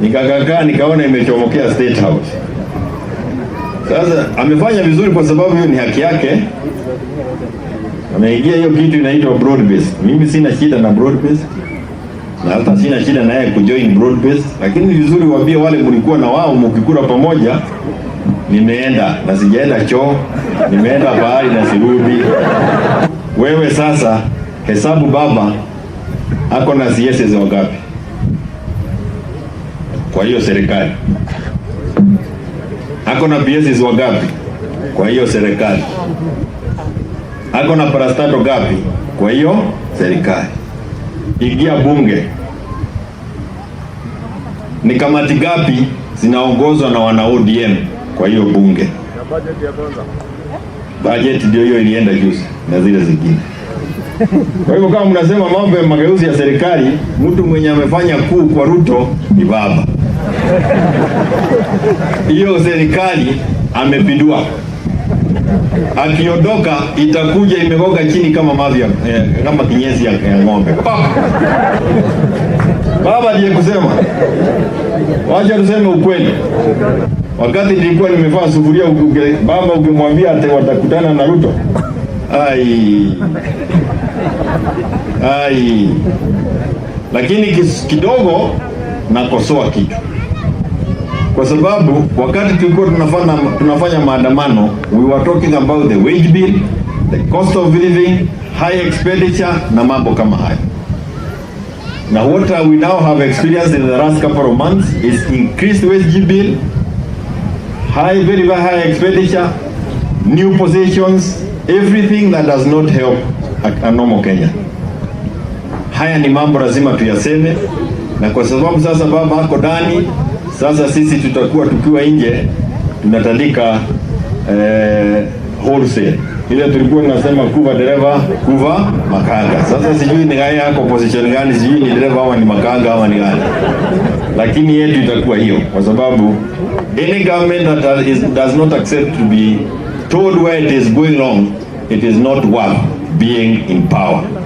Nikakakaa nikaona imechomokea State House. Sasa amefanya vizuri kwa sababu hiyo ni haki yake. Ameingia hiyo kitu inaitwa broad base. Mimi sina shida na broad base Na hata sina shida na yeye kujoin broad base, lakini vizuri waambie wale mlikuwa na wao mkikura pamoja, nimeenda na sijaenda choo, nimeenda bahari na sirudi. Wewe sasa hesabu baba ako na CS wangapi? kwa hiyo serikali ako na BSs gapi Kwa hiyo serikali ako na parastato gapi? Kwa hiyo serikali. Ingia bunge, ni kamati gapi zinaongozwa na wana ODM? Kwa hiyo bunge, bajeti ndio hiyo ilienda juzi na zile zingine kwa hivyo kama mnasema mambo ya mageuzi ya serikali, mtu mwenye amefanya kuu kwa Ruto ni baba. Hiyo serikali amepindua, akiondoka itakuja imegoga chini kama mavi ya, eh, kama kinyesi ya, ya ng'ombe. Baba ndiye kusema. Wacha tuseme ukweli. Wakati nilikuwa nimevaa sufuria, baba ukimwambia watakutana na Ruto, ai ai, lakini kidogo nakosoa kitu kwa sababu wakati tulikuwa tunafanya tunafanya maandamano, we were talking about the wage bill, the cost of living, high expenditure na mambo kama hayo. Na what we now have experienced in the last couple of months is increased wage bill, high, very, high expenditure, new positions, everything that does not help a normal Kenya. Haya ni mambo lazima tuyaseme, na kwa sababu sasa baba ako ndani, sasa sisi tutakuwa tukiwa nje tunatandika eh, wholesale ile tulikuwa tunasema kuva dereva kuva makanga. Sasa sijui ni gani yako position gani, sijui ni dereva ama ni makanga ama ni gani, lakini yetu itakuwa hiyo, kwa sababu any government that is, does not accept to be told where it is going wrong it is not worth being in power.